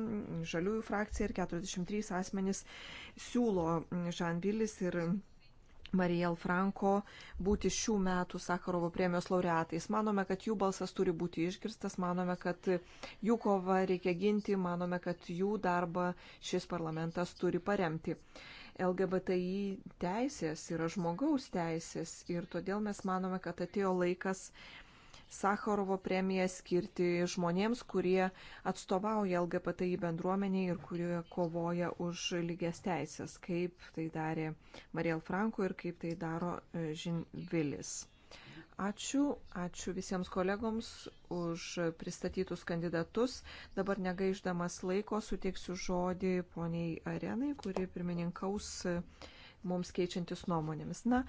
žaliųjų frakcija ir 43 asmenys siūlo Žanvilis ir Marijel Franko būti šių metų Sakarovo premijos laureatais. Manome, kad jų balsas turi būti išgirstas, manome, kad jų kovą reikia ginti, manome, kad jų darbą šis parlamentas turi paremti. LGBTI teisės yra žmogaus teisės ir todėl mes manome, kad atėjo laikas uh, Sakarovo premiją skirti žmonėms, kurie atstovauja LGBTI bendruomeniai ir kurie kovoja už lygias teisės, kaip tai darė Mariel Franko ir kaip tai daro Žinvilis. E, ačiū, ačiū visiems kolegoms už pristatytus kandidatus. Dabar negaiždamas laiko suteiksiu žodį poniai Arenai, kuri pirmininkaus mums keičiantis nuomonėmis. Na,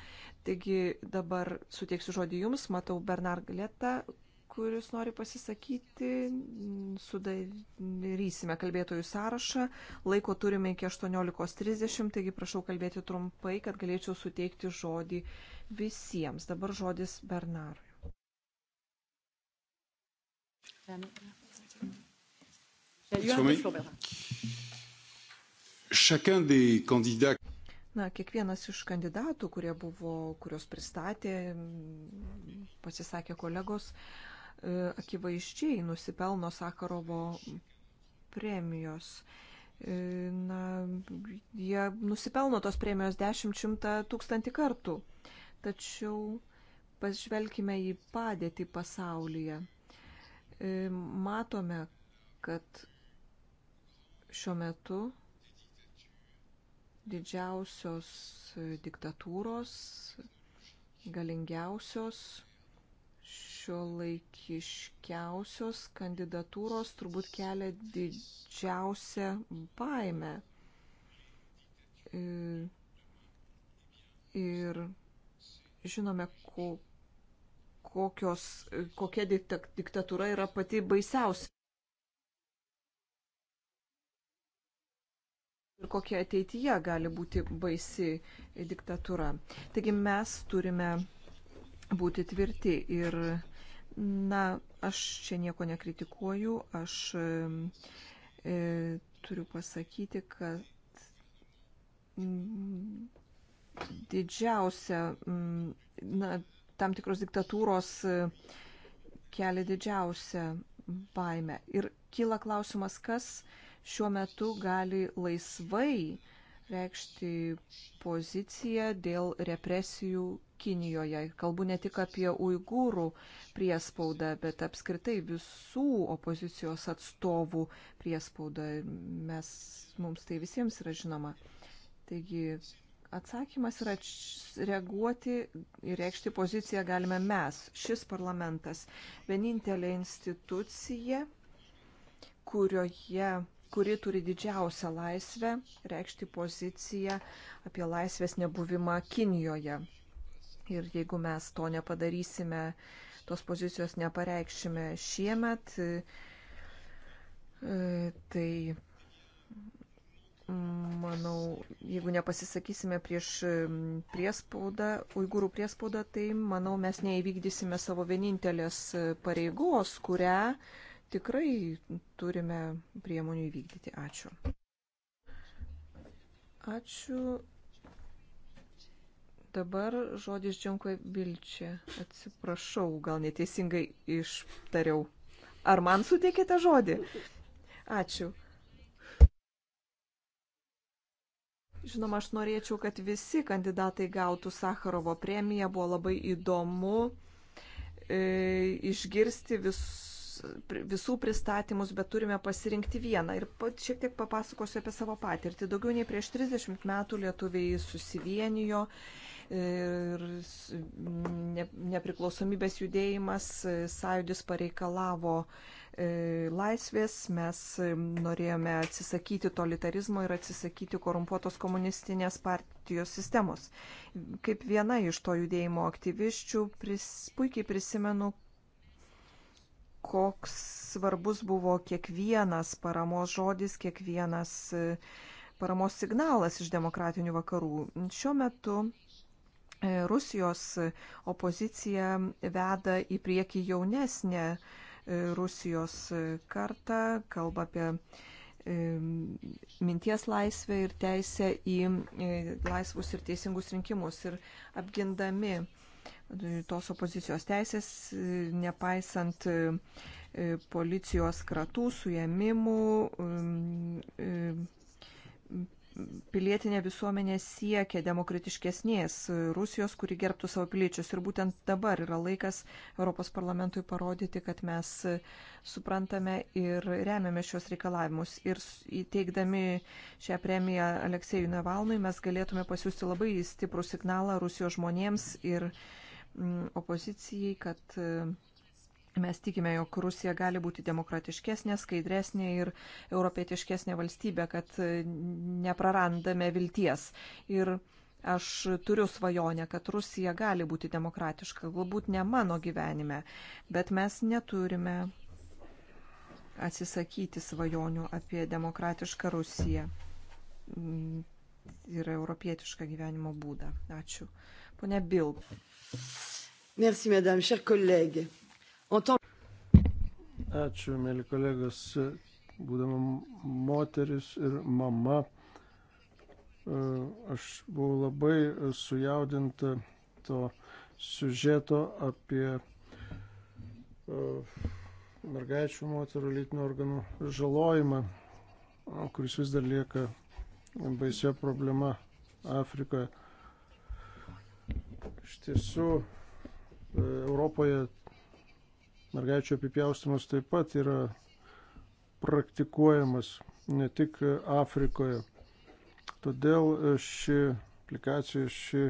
taigi dabar suteiksiu žodį Jums, matau Bernard Galėtą, kuris nori pasisakyti, sudarysime kalbėtojų sąrašą, laiko turime iki 18.30, taigi prašau kalbėti trumpai, kad galėčiau suteikti žodį visiems. Dabar žodis Bernarui. Chacun des candidats Na, kiekvienas iš kandidatų, kurie buvo, kurios pristatė, pasisakė kolegos, e, akivaizdžiai nusipelno Sakarovo premijos. E, na, jie nusipelno tos premijos 10-100 tūkstantį kartų. Tačiau pažvelkime į padėtį pasaulyje. E, matome, kad šiuo metu Didžiausios diktatūros, galingiausios, šio laikiškiausios kandidatūros turbūt kelia didžiausią baimę. E, ir žinome, ko, kokios, kokia diktatūra yra pati baisiausia. ir kokia ateityje gali būti baisi diktatūra. Taigi mes turime būti tvirti ir, na, aš čia nieko nekritikuoju, aš e, turiu pasakyti, kad mm, didžiausia, mm, na, tam tikros diktatūros e, kelia didžiausią baimę. Ir kyla klausimas, kas e, šiuo metu gali laisvai reikšti poziciją dėl represijų Kinijoje. Kalbu ne tik apie uigūrų priespaudą, bet apskritai visų opozicijos atstovų priespaudą. Mes, mums tai visiems yra žinoma. Taigi atsakymas yra reaguoti ir reikšti poziciją galime mes, šis parlamentas. Vienintelė institucija, kurioje kuri turi didžiausią laisvę reikšti poziciją apie laisvės nebuvimą Kinijoje. Ir jeigu mes to nepadarysime, tos pozicijos nepareikšime šiemet, tai manau, jeigu nepasisakysime prieš priespaudą, uigūrų priespaudą, tai manau, mes neįvykdysime savo vienintelės pareigos, kurią tikrai turime priemonių įvykdyti. Ačiū. Ačiū. Dabar žodis Džiankui Vilčia. Atsiprašau, gal neteisingai ištariau. Ar man suteikėte žodį? Ačiū. Žinoma, aš norėčiau, kad visi kandidatai gautų Sakarovo premiją. Buvo labai įdomu e, išgirsti visus visų pristatymus, bet turime pasirinkti vieną. Ir šiek tiek papasakosiu apie savo patirtį. Daugiau nei prieš 30 metų lietuviai susivienijo e, ir nepriklausomybės judėjimas e, sąjudis pareikalavo e, laisvės, mes norėjome atsisakyti totalitarizmo ir atsisakyti korumpuotos komunistinės partijos sistemos. Kaip viena iš to judėjimo aktyviščių pris, puikiai prisimenu, koks svarbus buvo kiekvienas paramos žodis, kiekvienas e, paramos signalas iš demokratinių vakarų. Šiuo metu e, Rusijos opozicija veda į priekį jaunesnę e, Rusijos kartą, kalba apie minties laisvę ir teisę į laisvus ir teisingus rinkimus. Ir apgindami tos opozicijos teisės, nepaisant e, e, policijos kratų, suėmimų, e, pilietinė visuomenė siekia demokratiškesnės Rusijos, kuri gerbtų savo piliečius. Ir būtent dabar yra laikas Europos parlamentui parodyti, kad mes suprantame ir remiame šios reikalavimus. Ir įteikdami šią premiją Aleksejui Navalnui mes galėtume pasiūsti labai stiprų signalą Rusijos žmonėms ir žmonėms Mm, opozicijai, kad e, mes tikime, jog Rusija gali būti demokratiškesnė, skaidresnė ir europietiškesnė valstybė, kad e, neprarandame vilties. Ir aš turiu svajonę, kad Rusija gali būti demokratiška, galbūt ne mano gyvenime, bet mes neturime atsisakyti svajonių apie demokratišką Rusiją mm, ir europietišką gyvenimo būdą. Ačiū. Pone Bild. Merci, madame, cher kolegė. Entend... Ačiū, mėly kolegos. Būdama moteris ir mama, e, aš buvau labai sujaudinta to siužeto apie e, mergaičių moterų lytinių organų žalojimą, kuris vis dar lieka baisia problema Afrikoje. Iš tiesų, e, Europoje mergaičio apipjaustimas taip pat yra praktikuojamas ne tik Afrikoje. Todėl e, ši aplikacija, ši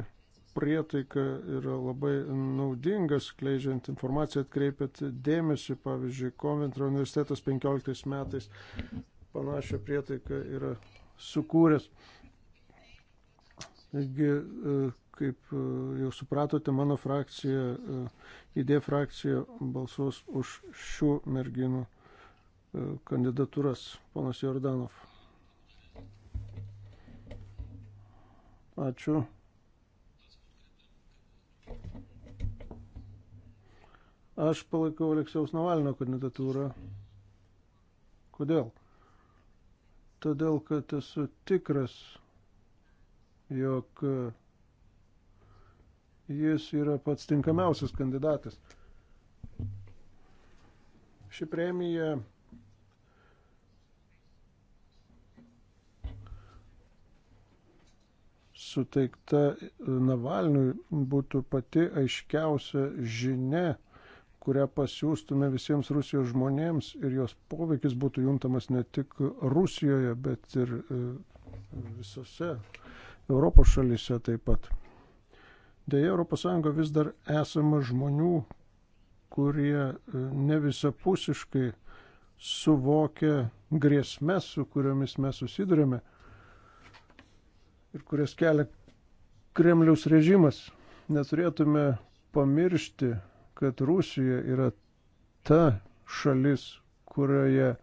prietaika yra labai naudingas, kleidžiant informaciją, atkreipiat dėmesį, pavyzdžiui, Coventro universitetas 15 metais panašią prietaiką yra sukūręs. Netgi, e, kaip e, jau supratote, mano frakcija, e, idėja frakcija balsuos už šių merginų kandidatūras, ponas Jordanov. Ačiū. Aš palaikau Aleksiaus Navalino kandidatūrą. Kodėl? Todėl, kad esu tikras, jog e, jis yra pats tinkamiausias kandidatas. Ši premija suteikta e, Navalniui būtų pati aiškiausia žinia, kurią pasiūstume visiems Rusijos žmonėms ir jos poveikis būtų juntamas ne tik Rusijoje, bet ir e, visose Europos šalyse taip pat. Deja, ES vis dar esama žmonių, kurie e, ne visapusiškai suvokia grėsmės, su kuriomis mes susidurėme ir kurias kelia Kremliaus režimas. Neturėtume pamiršti, kad Rusija yra ta šalis, kurioje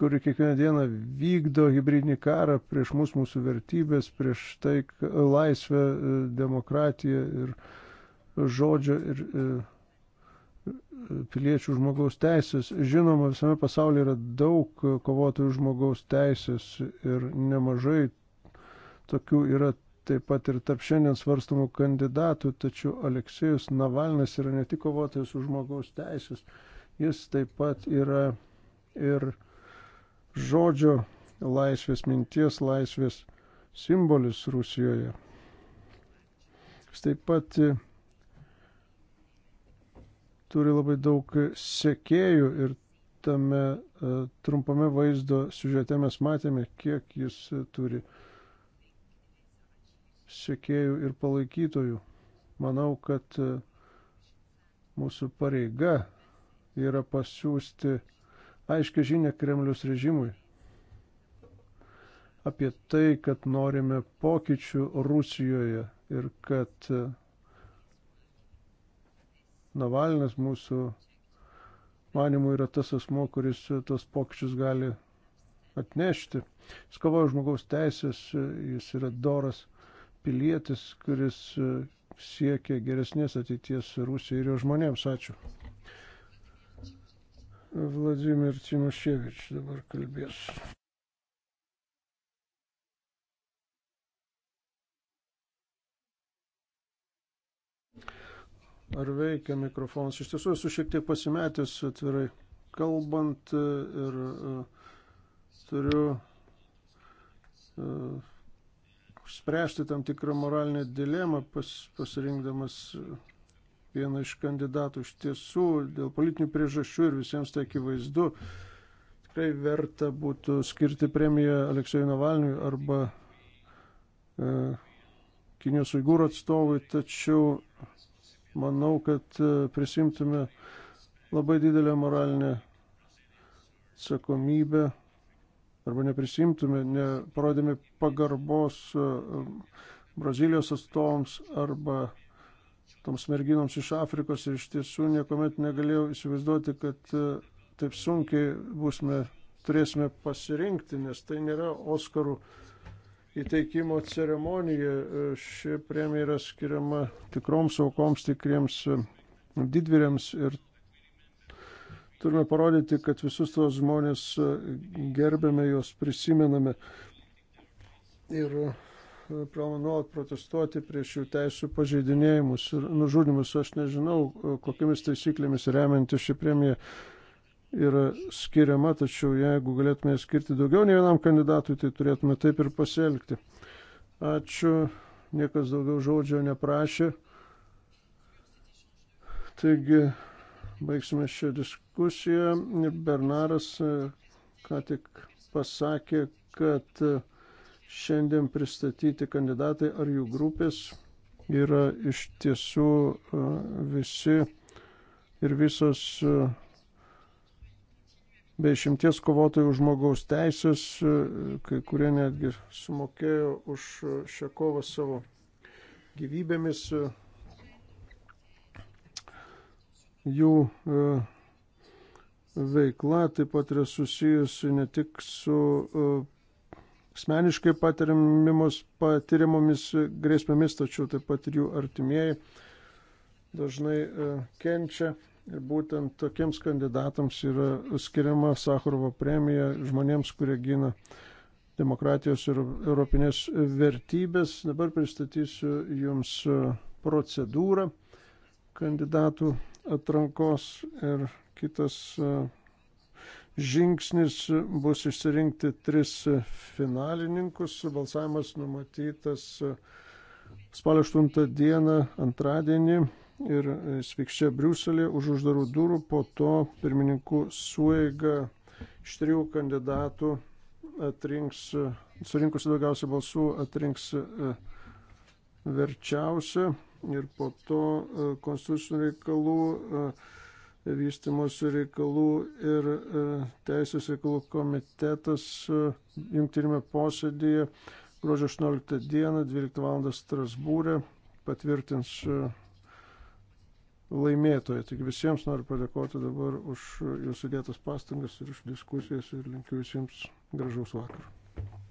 kuri kiekvieną dieną vykdo hybridinį karą prieš mus, mūsų vertybės, prieš tai laisvę, e, demokratiją ir žodžio ir, ir e, e, piliečių žmogaus teisės. Žinoma, visame pasaulyje yra daug kovotojų žmogaus teisės ir nemažai tokių yra taip pat ir tarp šiandien svarstamų kandidatų, tačiau Aleksėjus Navalnas yra ne tik kovotojas už žmogaus teisės, jis taip pat yra ir žodžio laisvės, minties laisvės simbolis Rusijoje. Jis taip pat e, turi labai daug sekėjų ir tame e, trumpame vaizdo siužete mes matėme, kiek jis e, turi sekėjų ir palaikytojų. Manau, kad mūsų pareiga yra pasiūsti aiškia žinia Kremlius režimui apie tai, kad norime pokyčių Rusijoje ir kad e, Navalnas mūsų manimų yra tas asmo, kuris e, tos pokyčius gali atnešti. Jis kovoja žmogaus teisės, e, jis yra doras pilietis, kuris siekia geresnės ateities Rusijai ir jo žmonėms. Ačiū. Vladimir Timoševič dabar kalbės. Ar veikia mikrofonas? Iš tiesų esu šiek tiek pasimetęs atvirai kalbant ir e, turiu e, spręsti tam tikrą moralinę dilemą pas, pasirinkdamas vieną iš kandidatų. Iš tiesų, dėl politinių priežasčių ir visiems tai akivaizdu, tikrai verta būtų skirti premiją Aleksejui Navalniui arba e, Kinijos uigūrų atstovui, tačiau manau, kad e, prisimtume labai didelę moralinę atsakomybę arba neprisimtume, neparodėme pagarbos e, Brazilijos atstovams arba toms merginoms iš Afrikos ir iš tiesų niekuomet negalėjau įsivaizduoti, kad e, taip sunkiai būsime, turėsime pasirinkti, nes tai nėra Oskarų įteikimo ceremonija. E, ši premija yra skiriama tikroms aukoms, tikriems e, didvyriams ir turime parodyti, kad visus tuos žmonės gerbėme, juos prisimename. Ir privaloma nuolat protestuoti prieš jų teisų pažeidinėjimus ir nužudimus. Aš nežinau, kokiamis taisyklėmis remianti ši premija yra skiriama, tačiau jeigu galėtume skirti daugiau nei vienam kandidatui, tai turėtume taip ir pasielgti. Ačiū, niekas daugiau žodžio neprašė. Taigi, baigsime šią diskusiją. Bernaras ką tik pasakė, kad šiandien pristatyti kandidatai ar jų grupės yra iš tiesų e, visi ir visos e, be šimties kovotojų už žmogaus teisės, e, kai kurie netgi sumokėjo už šią kovą savo gyvybėmis. Jų veikla taip pat yra susijusi ne tik su asmeniškai patiriamomis grėsmėmis, tačiau taip pat ir jų artimieji dažnai e, kenčia. Ir būtent tokiems kandidatams yra skiriama Sakharovo premija žmonėms, kurie gina demokratijos ir europinės vertybės. Dabar pristatysiu Jums procedūrą kandidatų atrankos ir kitas e, žingsnis bus išsirinkti tris finalininkus. Balsavimas numatytas spalio 8 dieną, antradienį ir jis vyks čia Briuselėje už uždarų durų, po to pirmininkų suėga iš trijų kandidatų atrinks, surinkusi daugiausia balsų, atrinks e, verčiausią ir po to e, konstitucinių reikalų e, vystimosi reikalų ir e, teisės reikalų komitetas e, jungtinėme posėdėje gruodžio 18 dieną 12 val. Strasbūrė patvirtins e, laimėtoją. Tik visiems noriu padėkoti dabar už jūsų dėtas pastangas ir už diskusijas ir linkiu visiems gražaus vakaro.